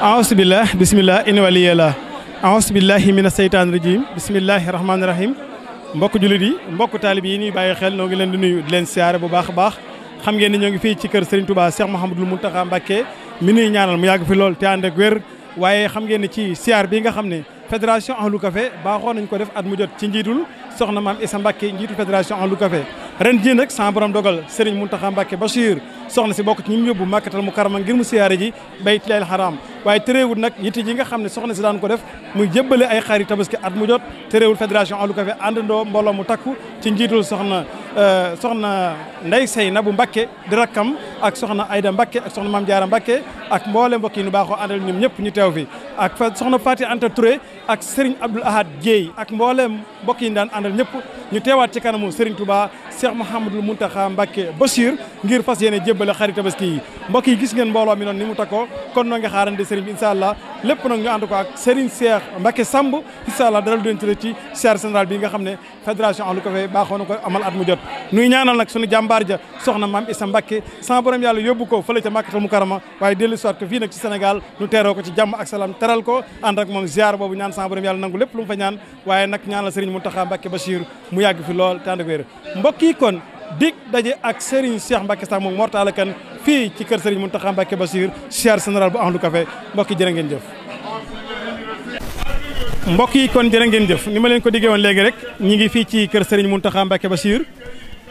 aousu billah bismillah in waliyela aousu billahi mina seytaani rajim bismillahi rahmaani rahim mbokk jullit yi mbokk taalib yi ñuy bàyyi xel ñoo ngi leen di nuyu di leen siyaare bu baax a baax xam ngeen ni ñoo ngi fii ci kër Serigne Touba Cheikh Mouhamadul Mountakha Mbacké mi nuy ñaanal mu yàgg fi lool te ànd ak wér waaye xam ngeen ni ci siyaar bii nga xam ne fédération Ahlou Café baaxoo nañ ko def at mu jot ci njiitul soxna maam Issa Mbacké njiitu fédération Ahlou Café ren jii nag sa borom dogal Serigne Mountakha Mbacké Bachir soxna si bokk ci ñi mu yóbbu Makkatal Mukarrama ngir mu siyaare ji Baytil Haram waaye terewul nag yitte ji nga xam ne soxna si daan ko def mu jébbale ay xar yi at mu jot terewul fédération Ahlu Café àndandoo mbooloo mu takku ci njiitul soxna Euh, soxna Ndeye Sey Nabou Mbakke di rakkam ak soxna Ayda Mbakke ak soxna Maam Jaara Mbakke ak mboole mbokk yi ñu baaxoo àndal ñoom ñëpp ñu teew fi ak soxna Faati Anta Touré ak Serigne Abdoul Ahad Dieye ak mboole mbokk yi ñu daan àndal ñëpp ñu teewaat ci kanamu Serigne Touba Cheikh Mouhamadul Mountakha Mbakke Bachir ngir fas yéene jébbale xarit tabaski yi mbokk yi gis ngeen mbooloo mi noon ni mu takkoo kon noo ngi xaarandi sëriñ bi incha allah lépp nag ñu ànd ak Serigne Cheikh Mbacke Samb incha allah dara doon tëdd ci siyaar général bi nga xam ne fédération Ahlu Café baaxoo na ko amal at mu jot nuy ñaanal nag suñu jàmbaar ja soxna maam Issa Mbacke sama borom yàlla yóbbu ko fële ca Makkatal Mukarrama waaye dellu soit ko fii nag ci Sénégal nu teeroo ko ci jàmm ak salaam teral ko ànd ak moom ziar boobu ñaan sama borom yàlla nangu lépp lu mu fa waaye nag ñaanal Serigne Mountakha Mbacke Bachir mu yàgg fi lool te ànd ak wér mbokk yi kon dig daje ak Serigne Cheikh Mbacke Samb moom Mortala Kane fii ci kër Serigne Mountakha Mbacké Bassir siyaar général bu Ahlu Café mbokk yi jërë ngeen jëf mbokk yi kon jërë ngeen jëf ni ma leen ko diggee woon léegi rek ñi ngi fii ci kër Serigne Mountakha Mbacké Bassir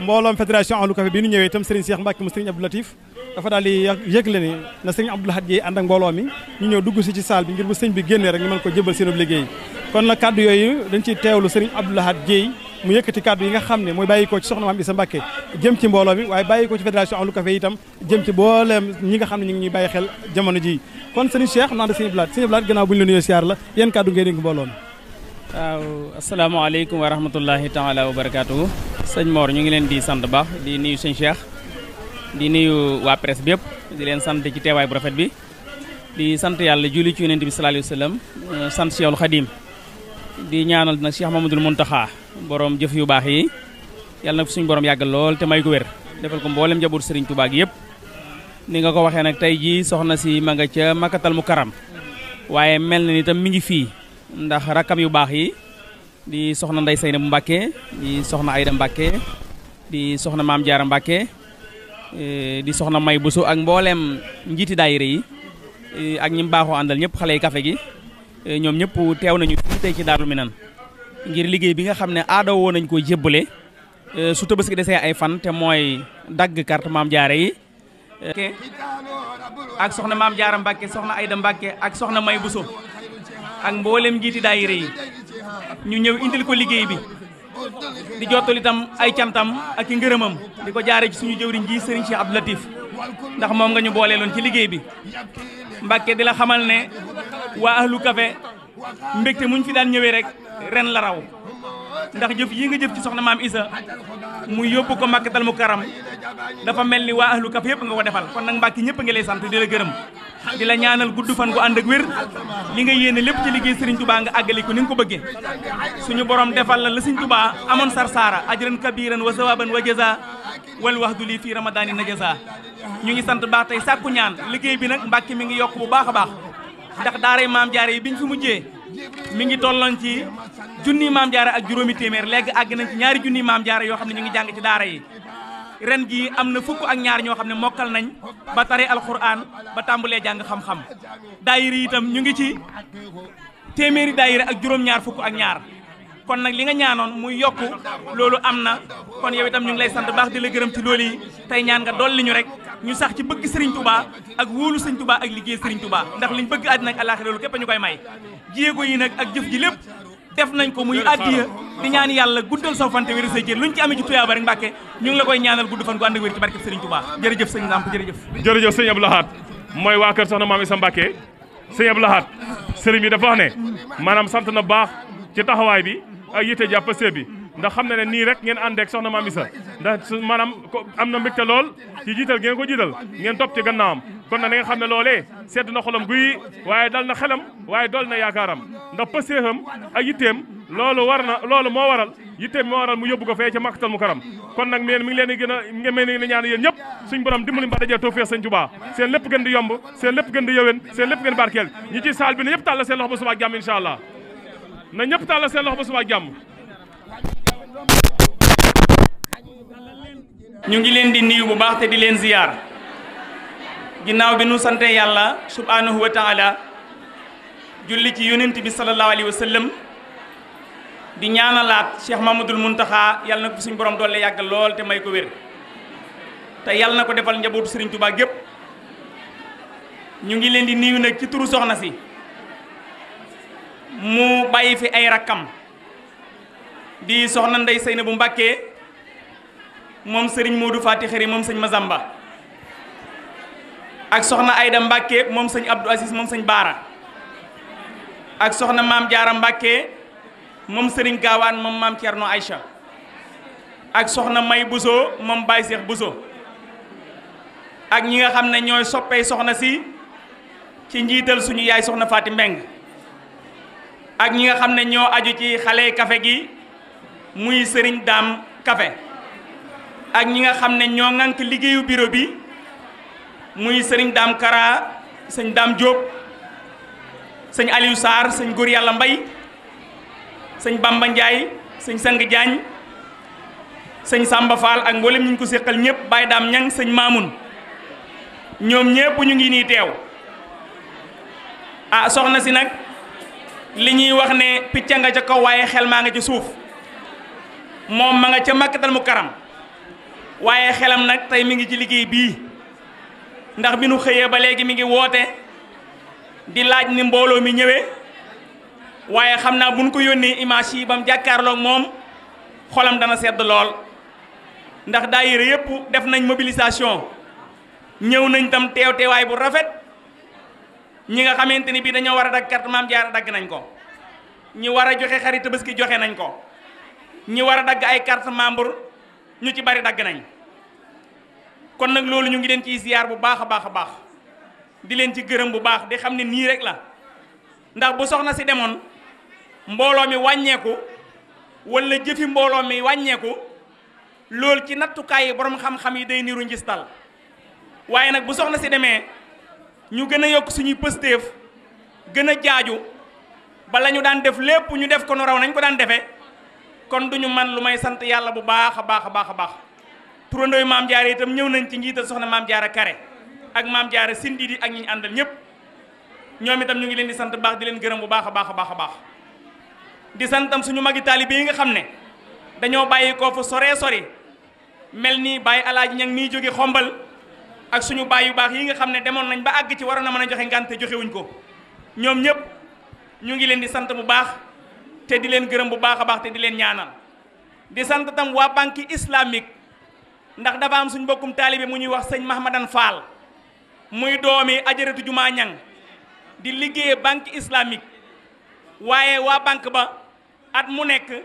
mbooloom fédération Ahlu Café bi ñu ñëwee tam Serigne Cheikh Mbacké mu Serigne Abdou Latif dafa daal di yëgle ni na Serigne Abdou Lahad Gueye ànd mbooloo mi ñu ñëw dugg si ci saal bi ngir bu sëñ bi génnee rek ñu mën ko jëbal seen liggéey kon na kàddu yooyu dañ ciy teewlu Serigne Abdou Lahad Gueye mu yëkkati kàddu yi nga xam ne mooy bàyyi ko ci soxna maam sa Mbacke jëm ci mbooloo mi waaye bàyyi ko ci fédération Ahlu Café itam jëm ci mbooleem ñi nga xam ne ñu ngi ñuy bàyyi xel jamono ji kon sëriñ Cheikh naan da sëriñ Blaat sëriñ Blaat gannaaw bu ñu la nuyoo siyaar la yéen kàddu ngay dénk mbooloo mi waaw asalaamaaleykum wa rahmatullahi taala wa barakaatuhu ñu ngi leen di sant baax di nuyu sëñ Cheikh di nuyu waa presse bi yëpp di leen sant ci teewaay bu rafet bi di sant yàlla julli ci yonent bi sallallahu alayhi wa sallam euh, sant Cheikhul Khadim di ñaanal nag Cheikh Mamadou Mountakha boroom jëf yu baax yi yàlla nag suñu borom yàggal lool te may ko wér defal ko mboolem njaboot Serigne Touba gi yëpp. ni nga ko waxee nag tey jii soxna si ma nga ca Makkatal mu karam waaye mel na ni tam mi ngi fii ndax rakkam yu baax yi di soxna Ndey Seyna bu Mbàkke di soxna Ayda Mbàkke di soxna Maam Jaara Mbàkke di soxna May Buso ak mbooleem njiiti daayira yi e, ak ñi mu àndal ñëpp xale yi kafe gi Eh, ñoom ñëpp teew nañu fii tey ci Daaru Minaan ngir liggéey bi nga xam ne aada woo nañ ko jébbale eh, su tabaski desee ay fan te mooy dagg kart maam jaare yi eh, ak soxna maam jaara Mbàkke soxna Ayda Mbàkke ak soxna May Buso ak mbooleem njiiti daayira yi ñu ñëw indil ko liggéey bi di jottali itam ay cantam ak i ngërëmam di ko jaare ci suñu jëwriñ ji sëriñ Cheikh ab Latif ndax moom nga ñu booleeloon ci liggéey bi Mbàkke di la xamal ne waa ahlu café mbégte muñ fi daan ñëwee rek ren la raw ndax jëf yi nga jëf ci soxna maam Isa muy yóbbu ko màkkatal mu karam dafa mel ni waa ahlu café yëpp nga ko defal kon nag mbàkki ñëpp nga lay sant di la gërëm di la ñaanal gudd fan gu ànd ak wér li nga yéene lépp ci liggéey Serigne Touba nga àggali ko ni nga ko bëggee suñu borom defal la la Serigne baa amoon sarsaara ajran kabiran wa sawaban wa jaza wal wax du lii fii ramadaani na jaza ñu ngi sant baax tey ñaan liggéey bi nag mbàkki mi ngi yokk bu baax a baax ndax daaray maam jaare yi bi biñ fi mujjee mi ngi tolloon ci junni maam jaare ak juróomi téeméer léegi àgg nañ ci ñaari junni maam jaare yoo xam ne ñu ngi jàng ci daara yi ren gi am na fukk ak ñaar ñoo xam ne mokkal nañ ba tare alxuraan ba tàmbalee jàng xam-xam daayira itam ñu ngi ci téeméeri daayira ak juróom-ñaar fukk ak ñaar kon nag li nga ñaanoon muy yokk loolu am na kon yow itam ñu ngi lay sant baax di la gërëm ci loolu yi tey ñaan nga dolli ñu rek ñu sax ci bëgg Serigne Touba ak wóolu Serigne Touba ak liggéey Serigne Touba ndax liñ bëgg àddina ak àllaaxira loolu képp ñu koy may jéego yi nag ak jëf ji lépp def nañ ko muy addiya di ñaan yàlla guddal soo fante wér sa jër luñ ci amee ci tuyaaba rek Mbàkke ñu ngi la koy ñaanal gudd fan gu ànd ak wér ci barkeb Serigne Touba jërëjëf sëñ Lamp jërëjëf jërëjëf sëñ Abdou Lahad mooy waa kër soxna maam Issa Mbàkke sëñ Abdou Lahad sëriñ bi dafa ne maanaam sant na baax ci taxawaay bi ak yitte jàpp bi ndax xam na ne nii rek ngeen àndeek soxna Mame Issa ndax maanaam am na mbégte lool ci jiital ngeen ko jiital ngeen topp ci gannaawam kon na nga xam ne loolee sedd na xolam guy waaye dal na xelam waaye dool na yaakaaram ndax pësteefam ak yitteem loolu war na loolu moo waral yitteem moo waral mu yóbbu ko fee ca Makkatal Mukarram kon nag meen mi ngi leen di gën a ngeen mel ni ñaan yéen ñëpp suñ borom dimbali mba dajee tawfeex sëñ Tuubaa seen lépp yomb seen lépp gën di yëwén seen lépp gën di barkeel ñi ci saal bi na ñëpp tàllal seen ñëpp tàllal seen loxo ba subaa ñu ngi leen di nuyu bu baax te di leen ziyaar ginnaaw bi nu sante yàlla subhaanahu wa taala julli ci yonent bi sallallahu alayhi wa di ñaanalaat Cheikh Mamadul Muntaxa yàlla na ko fi suñu borom doole yàgg lool te may ko wér te yàlla na ko defal njabootu Serigne Touba gépp ñu ngi leen di nuyu nag ci turu soxna si mu bàyyi fi ay rakkam di soxna Ndey Seyna bu Mbàkke moom sëriñ Modou Faty Khary moom sëñ Mazamba ak soxna Ayda Mbacke moom sëñ Abdou Aziz moom sëñ Baara ak soxna maam Jaara Mbacke moom sëriñ Gaawaan moom maam Thierno Aïcha ak soxna May Bousso moom Baye Cheikh Bousso ak ñi nga xam ne ñooy soppee soxna si ci njiital suñu yaay soxna faati Mbeng ak ñi nga xam ne ñoo aju ci xale kafe gi muy sëriñ Daam Kafe ak ñi nga xam ne ñoo ŋànk liggéeyu bureau bi muy sëriñ daam Kara sëñ daam Diop sëñ aliyu saar sëñ Góor Yàlla Mbay sëñ Bamba Ndiaye sëñ Sang Diagne sëñ sàmba Fall ak mboolem ñu ko séqal ñëpp bay Daam ñan sëñ Maamun ñoom ñëpp ñu ngi nii teew ah soxna si nag li ñuy wax ne picc a nga ca kaw waaye xel maa nga ca suuf moom ma nga ca màkkatal mu karam waaye xelam nag tey mi ngi ci liggéey bii ndax bi nu xëyee ba léegi mi ngi woote di laaj ni mbooloo mi ñëwee waaye xam naa buñ ko yónnee image yi ba mu jàkkaarloog moom xolam dana sedd lool ndax daayira yépp def nañ mobilisation ñëw nañ tam teew teewaay bu rafet ñi nga xamante ni bii dañoo war a dagg carte maam jaara dagg nañ ko ñi war a joxe xarit tabaski joxe nañ ko ñi war a dagg ay carte membre ñu ci bari dagg nañ kon nag loolu ñu ngi leen ci ziyaar bu baax a baax a baax di leen ci gërëm bu baax di xam ne nii rek la ndax bu soxna si demoon mbooloo mi wàññeeku walla jëfi mbooloo mi wàññeeku loolu ci nattukaay yi borom xam-xam yi day niru njistal waaye nag bu soxna si demee ñu gën a yokk suñuy pëstéef gën a jaaju ba la daan def lépp ñu def ko nu raw nañ ko daan defee kon du ñu man lu may sant yàlla bu baax a baax a baax a baax turandooyu maam jaara itam ñëw nañ ci njiital soxna maam jaara kare ak maam jaara sindidi ak ñi ñu àndal ñëpp ñoom itam ñu ngi leen di sant baax di leen gërëm bu baax a baax a baax di santam suñu magi taalibe yi nga xam ne dañoo bàyyi koo fu soree sori mel nii bàyyi alaaji ñang nii jóge xombal ak suñu bàyyi yu baax yi nga xam ne demoon nañ ba àgg ci waroon na mën a joxe ngànte joxewuñ ko ñoom ñëpp ñu ngi leen di sant bu baax te di leen gërëm bu baax a baax te di leen ñaanal di sant tam waa banque islamique ndax dafa am suñ bokkum taalibe mu ñuy wax sëñ Mahmadan Fall muy doomi ajaratu jumaa ñang di liggéey banque islamique waaye waa banque ba at mu nekk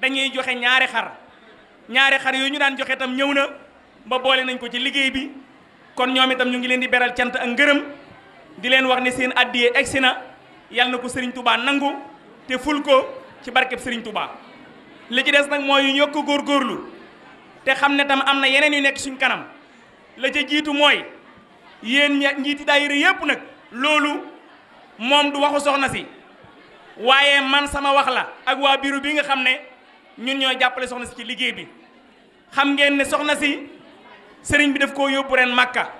dañuy joxe ñaari xar ñaari xar yooyu ñu daan joxe itam ñëw na ba boole nañ ko ci liggéey bi kon ñoom itam ñu ngi leen di beral cant ak ngërëm di leen wax ne seen addiye egsi na yàlla na ko sëriñ Touba nangu te ful ko ci barkeb Serigne Touba li ci des nag mooy ñu yokk góorgóorlu te xam ne tam am na yeneen yu nekk suñ kanam la ca jiitu mooy yéen ña njiiti daayira yépp nag loolu moom du waxu soxna si waaye man sama wax la ak waa biiru bi nga xam ne ñun ñoo jàppale soxna si ci liggéey bi xam ngeen ne soxna si sëriñ bi daf koo yóbbu ren màkka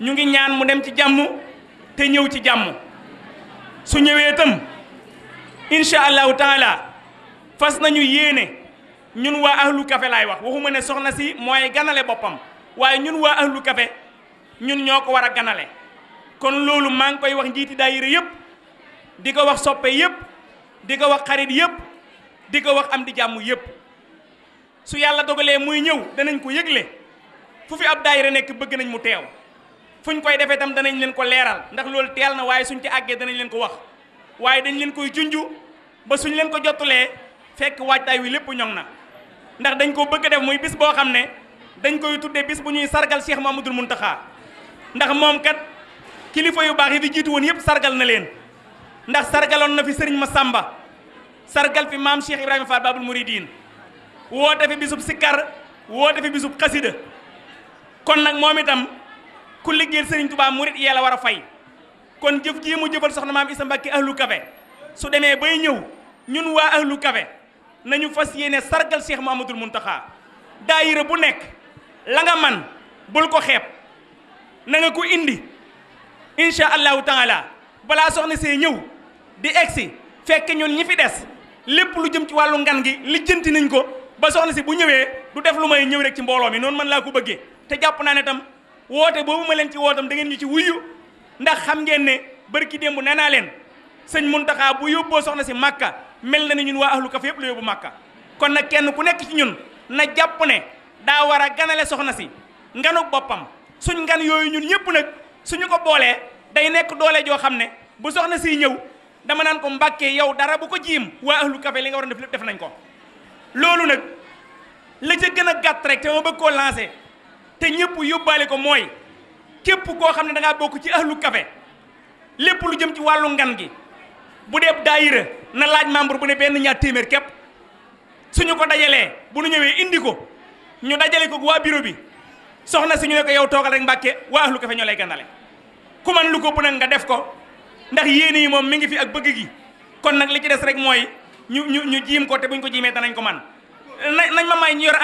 ñu ngi ñaan mu dem ci jàmm te ñëw ci jàmm su ñëwee itam incha allahu taala fas nañu yéene ñun waa ahlu café laay wax waxuma ne soxna si mooy ganale boppam waaye ñun waa ahlu café ñun ñoo ko war a ganale kon loolu maa ngi koy wax njiiti daayira yëpp di ko wax soppe yëpp di ko wax xarit yëpp di ko wax am di jàmm yëpp su yàlla dogalee muy ñëw danañ ko yëgle fu fi ab daayira nekk bëgg nañ mu teew fuñ koy defee tam danañ leen ko leeral ndax loolu teel na waaye suñ ci àggee danañ leen ko wax waaye dañ leen koy junju ba suñ leen ko jotulee fekk waajtaay wi lépp ñoŋ na ndax dañ ko bëgg a def muy bis boo xam ne dañ koy tuddee bis bu ñuy sargal Cheikh Mamadou taxaa ndax moom kat kilifa yu baax yi di jiitu woon yëpp sargal na leen ndax sargaloon na fi sëriñ Massamba sargal fi maam Cheikh Ibrahima Fall Babul Mouridine woote fi bisub sikkar woote fi bisub xasida kon nag moom itam ku liggéeyal sëriñ Touba murit yee la war a fay kon jëf jii mu jëfal soxna maam Issa Mbacke ahlu kafe su demee bay ñëw ñun waa ahlu kafe nañu fas yéene sargal Cheikh Mouhamadoul Mountakha daayira bu nekk la nga man bul ko xeeb na nga ko indi incha allahu taala balaa soxna see ñëw di egsi fekk ñun ñi fi des lépp lu jëm ci wàllu ngan gi lijjanti nañ ko ba soxna si bu ñëwee du def lu may ñëw rek ci mbooloo mi noonu man laa ko bëggee te jàpp naa ne tam woote boobu ma leen ci wootam da ngeen ñu ci wuyu ndax xam ngeen ne bërki démb nee naa leen sëñ Muntaxa bu yóbboo soxna si màkka mel na ni ñun waa ahlu kafe yëpp la yóbbu màkka kon nag kenn ku nekk ci ñun na jàpp ne daa war a ganale soxna si nganu boppam suñ ngan yooyu ñun ñëpp nag suñu ko boolee day nekk doole joo xam ne bu soxna siy ñëw dama naan ko mbàkkee yow dara bu ko jiim waa ahlu kafe li nga war a def lépp def nañ ko loolu nag la ca gën a gàtt rek te ma bëgg koo lancé te ñëpp yóbbaale ko mooy képp koo xam ne dangaa ngaa bokk ci ahlu kafe lépp lu jëm ci wàllu ngan gi bu dee daayira na laaj membre bu ne benn ñaar téeméer képp suñu ko dajalee bu nu ñëwee indi ko ñu dajale ko waa bureau bi soxna si ñu ne ko yow toogal rek mbàkke waa lu ko fe ñoo lay ganale ku man lu ko bu nag nga def ko ndax yéene yi moom mi ngi fi ak bëgg gi kon nag li ci des rek mooy ñu ñu ñu jiim ko te ñu ko jiimee danañ ko man nañ ma may ñu yor